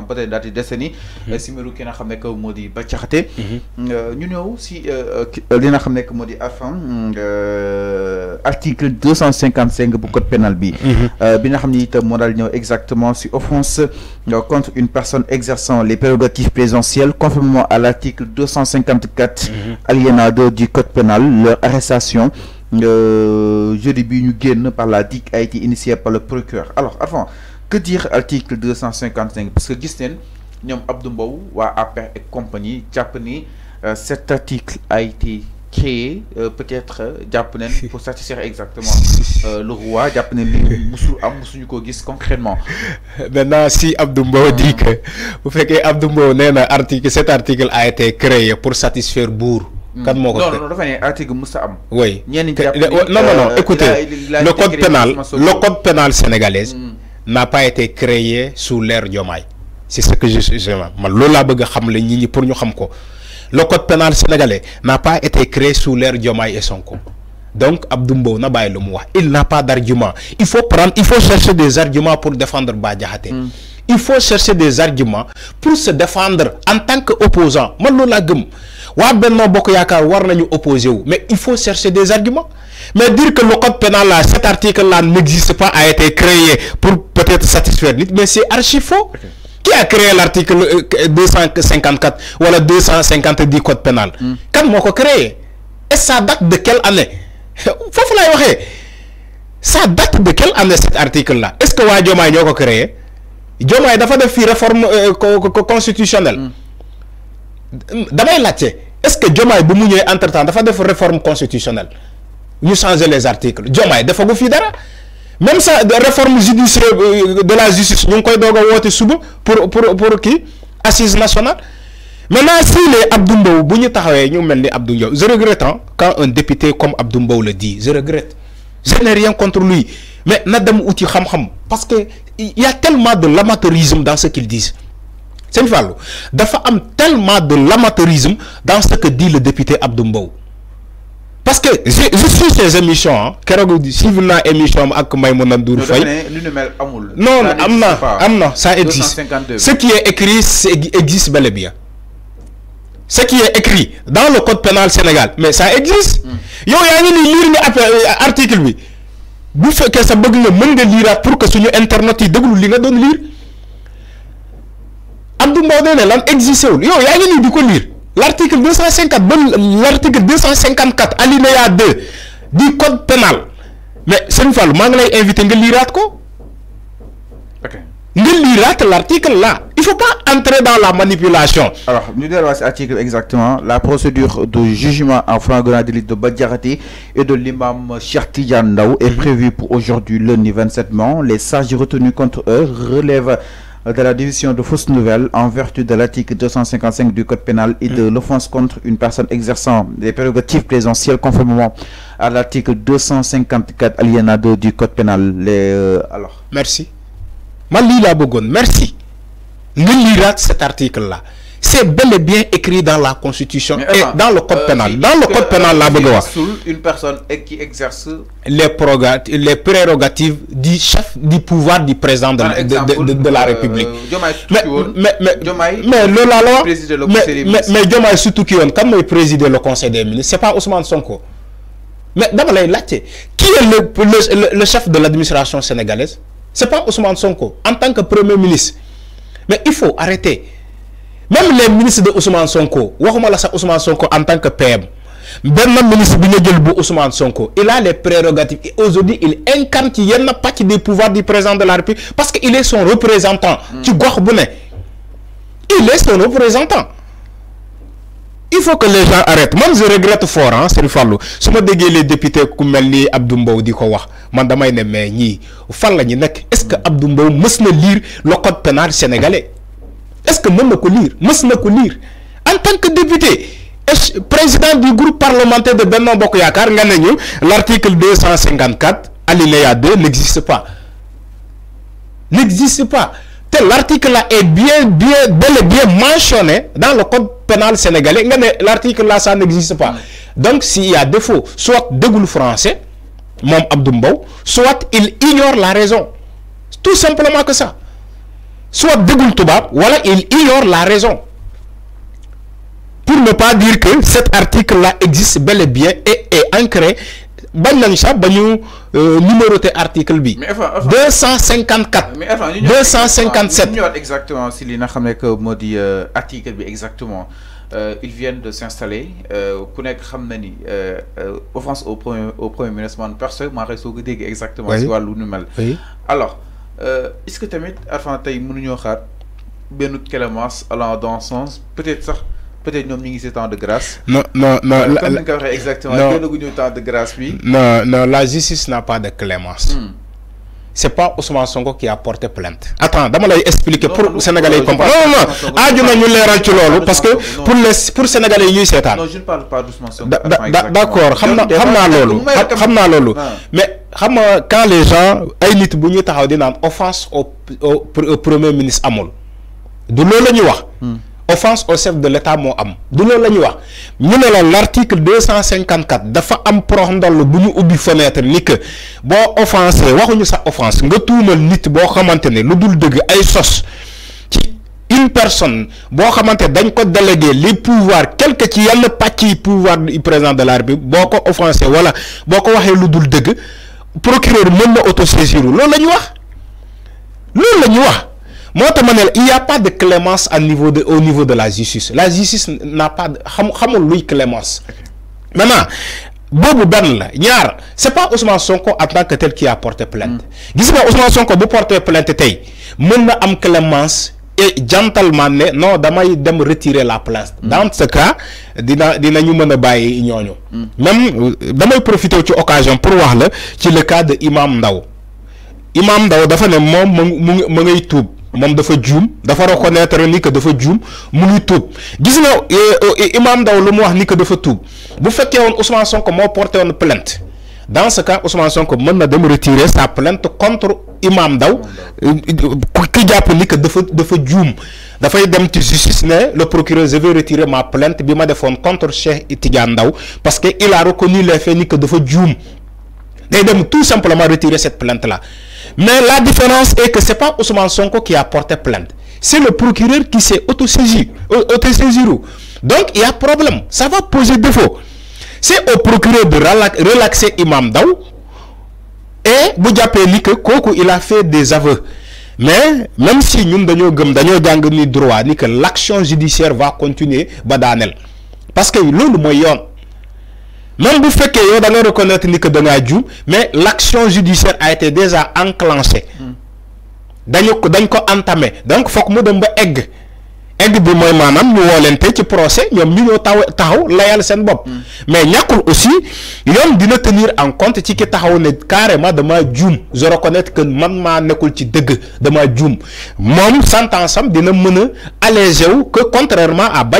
temps peut-être daal di décennie mhm. siméru ki nga xam nekk moo di Bah mhm. euh, nous ñu aussi si euh, euh, li nga xam article 255 du code pénal bi mhm. bi nga xam moral exactement si offense contre une personne exerçant les prérogatives présidentielles conformément à l'article 254 cent 2 du code pénal leur arrestation jeudi bi ñu génn par la DIC a été initiée par le procureur alors avant que dire article 255 parce que gis neen abdoumbaou Abdou Mbow et compagnie japonais euh, cet article a été créé euh, peut-être euh, japonais pour satisfaire exactement le roi japonais li musul am ko gis concrètement maintenant si Abdou ah. dit que vous faites Abdou abdoumbaou na article cet article a été créé pour satisfaire bourg hmm. kan non non oui non non non écoutez le code pénal le code pénal sénégalais. Hmm n'a pas été créé sous l'ère Diomaye c'est ce que je suis man pour nous xam le code pénal sénégalais n'a pas été créé sous l'ère Diomaye et Sonko donc Abdoumbo na pas il n'a pas d'argument il faut prendre il faut chercher des arguments pour défendre badia hmm. il faut chercher des arguments pour se défendre en tant qu'opposant mais il faut chercher des arguments mais dire que le code pénal cet article là n'existe pas a été créé pour peut-être satisfaire mais c'est archi faux qui a créé l'article 254 ou le 250 du code pénal Quand on a créé et ça date de quelle année ça date de quelle année cet article là est-ce que vous avez créé dafa def une réforme euh, constitutionnelle hmm damay est-ce que Diomaye bu mu entre-temps dafa def réforme constitutionnelle ñu changer les articles Diomaye dafa gu fii dara même ça ça réforme judiciaire euh, de la justice ñu koy pour pour pour qui assise nationale maintenant si les bu ñu fait ñu je regrette hein, quand un député comme Abdou le dit je regrette je n'ai rien contre lui mais madame dem ham xam parce que il y a tellement de l'amateurisme dans ce qu'ils disent sëñ Fallou dafa am tellement de l'amateurisme dans ce que dit le député Abdou parce que je je suis ces émissions ah hein. si suivre naa émission am ak Maïmouna Ndour Faye non non, amna, ça existe ce qui est écrit ça existe bel et bien ce qui est écrit dans le code pénal Sénégal mais ça existe hmm. yow y a ni lire euh, article bi bu faites sa bëgg nga mën nga lire pour que suñu internet yi déglu li lire Abdou lan existé Yo, lire 254 l'article 254 alinéa 2 du code pénal mais c'est une fois, le lay invité ko. ok là il faut pas entrer dans la manipulation. alors nous devons cet article exactement la procédure de jugement en flagrant délit de Badjarati et de l'imam Cheikh Tidiane est mhm. prévue pour aujourd'hui lundi 27 mai les sages retenus contre eux relèvent de la division de fausses nouvelles en vertu de l'article 255 du Code pénal et de mm. l'offense contre une personne exerçant des prérogatives présidentielles conformément à l'article 254 alinéa 2 du Code pénal. Merci. euh, alors. Merci. Merci. cet article-là. C'est bel et bien écrit dans la Constitution et dans le Code euh, pénal. Dans le Code pénal, euh, la Une personne qui exerce les, prérogatives du chef du pouvoir du président de, de, de, de la euh, République. mais, mais, mais, mais, le la loi, le mais, mais, mais Diomaye quand il préside le Conseil des ministres, c'est pas Ousmane Sonko. Mais d'abord, là, qui est le, le, le chef de l'administration sénégalaise C'est pas Ousmane Sonko, en tant que Premier ministre. Mais il faut arrêter même les ministres de Ousmane Sonko waxuma la Ousmane Sonko en tant que PM le ministre de Ousmane Sonko il a les prérogatives et aujourd'hui il incarne ci yenn patch des pouvoirs du président de la République parce qu'il est son représentant. ci gox bu il est son représentant. il faut que les gens arrêtent Même je regrette fort hein, Serigne Fallou je ma que les députés ku melni Abdou Mbow disais wax man est-ce que Abdou Mbow lire le code pénal sénégalais est-ce que je peux lire en tant que député président du groupe parlementaire de Benno Bokoyakar, l'article 254 alinéa 2 n'existe pas n'existe pas l'article là est bien bien bel bien mentionné dans le code pénal sénégalais l'article là ça n'existe pas donc s'il y a défaut soit déggul français mom Abdou soit il ignore la raison tout simplement que ça soit dégoule Toubab, voilà, il ignore la raison. Pour ne pas dire que cet article-là existe bel et bien et est ancré. Ban Nanisha, euh, numéroté article B. 254. 257. exactement, si les que Modi euh, article B exactement. Euh, ils viennent de s'installer. Kounek euh, Khamnani, euh, euh, offense au premier, au premier ministre, personne m'a résolu exactement, oui. Alors, euh, est-ce que tamit Arfan tey mënuñoo xaar benn Clémence allant dans ce sens peut-être ça, peut-être nous ñu ngi temps de grâce. non non non comme ni exactement. non nous temps de grâce oui. non non la justice n'a pas de clémence. Hmm. c'est pas Ousmane Sonko qui a porté plainte. Attends, dama lay expliquer pour sénégalais comprendre. Non non, non. na ñu léral ci lolu parce que pour les pour sénégalais yuy sétane. Non, je ne parle pas d'Ousmane Sonko. D'accord, xamna xamna lolu. Xamna lolu. Mais quand les gens ay nit buñu taxaw di offense au au premier ministre amul du l'eau le wax. Hmm. offense au chef de l'État mo am du loolu lañu wax ñu ne l'article 254, dafa am prox ndoll bu fenêtre ni que boo offensé waxuñu sa offense nga tuumal nit bo bon ne lu dul dëgg ay sos ci une personne bo xamanté dañ ko délégué les pouvoirs quelque ci yalla le pouvoir du président de l'armée, boko offensé wala boko waxé waxee lu dul procureur auto saisir il n'y a pas de clémence à niveau de au niveau de la justice la justice n'a pas de clémence maintenant ce n'est la c'est pas Ousmane Sonko en tant que tel qui a porté plainte n'est mm. pas Ousmane Sonko bu porté plainte n'y a pas am clémence gentleman ne non damay dem retirer la place mm. dans ce cas dina ñu mën a bàyyi ñooñu mm. même euh, damay profité ci occasion pour wax la ci le cas de Imam Ndaw Imam Ndaw dafa ne moom mu mu ngay tuub moom dafa juum dafa reconnaître ni que dafa juum mu ngi tuub gis nga euh, euh, Imam Ndaw lu mu wax ni que dafa tuub bu fekkee woon Ousmane Sonko moo porté woon plainte dans ce cas Ousmane Sonko mën na retirer sa plainte contre Imam Daw qui euh, que dafa dafa da fay dem ci justice ne le procureur je vais retirer ma plainte bima ma contre Cheikh Tidiane Daw parce que il a reconnu les faits ni que dafa djoum Il dem tout simplement retirer cette plainte là mais la différence est que c'est pas Ousmane Sonko qui a porté plainte c'est le procureur qui s'est auto-saisi euh, donc il y a problème ça va poser défaut c'est au procureur de relaxer Imam Daou et bu que il a fait des aveux mais même si nous avons gëm dañoo droit ni que l'action judiciaire va continuer ba parce que l'un mooy yoon même bu fait que da nga reconnaître ni que da Dieu, mais l'action judiciaire a été déjà enclenchée hmm. dañu ko dañ ko entamé donc que mu dem ba egg de bi mooy maanaam ñu woolente ci procès ñom ñu ñoo taw taxaw layal s'en bop mm. mais ñakul aussi yoon dina tenir en compte ci ki taxaw ne carrément dama dune je reconnais que man ma nekul ci deug dama juum mom sentence am dina à a allégé wu que contrairement à Bah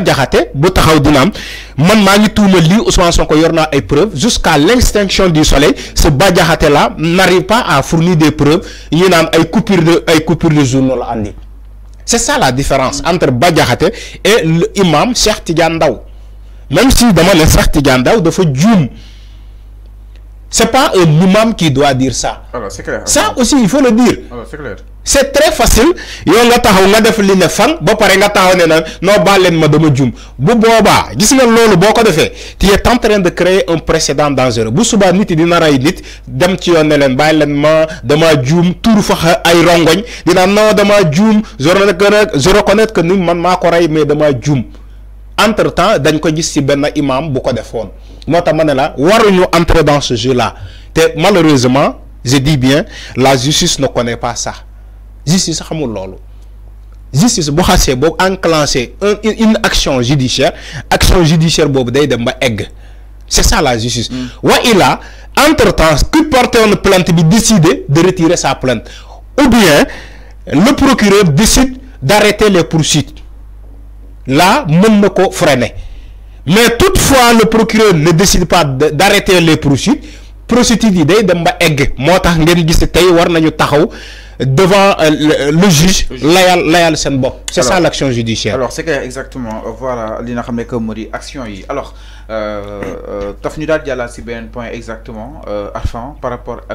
bu taxaw dina am man ma ngi tuuma lii Ousmane Sonko yorna ay preuves jusqu'à l'extinction du soleil ce badia là n'arrive pas à fournir des preuves il naan ay coupure de ay coupure de journaux andi c'est ça la différence entre Bagarate et l'imam Cheikh Tigandaou. Même si le Cheikh Tigandaou de faire c'est pas un imam qui doit dire ça. Ça aussi, il faut le dire. C'est très facile. il y a nga def li ne a des pare nga ont ne Il y ma dama bu tu es en train de créer un précédent dangereux bu subaa nit yi il rey nit dem ci yoon ne ma dama djum ay fait non dama juum je reconnais je reconnais que ni man mais entre temps dañ imam bu ko notamment là, ma entrer dans ce jeu là malheureusement je dis bien la justice ne connaît pas ça justice ça justice bu xasee bon, enclencher une action judiciaire action judiciaire boobu day dem c'est ça la justice mm. il là, entre temps que porter une plainte bi décide de retirer sa plainte ou bien le procureur décide d'arrêter les poursuites là ne na pas freiner mais toutefois le procureur ne décide pas d'arrêter les poursuites procédures yi day dem ba egg motax ngeen gis war nañu taxaw devant euh, euh, le juge layal layal sen bop c'est ça l'action judiciaire alors c'est exactement voilà li nga que action alors euh, taf ñu dal jàllaa si point exactement Afan par rapport à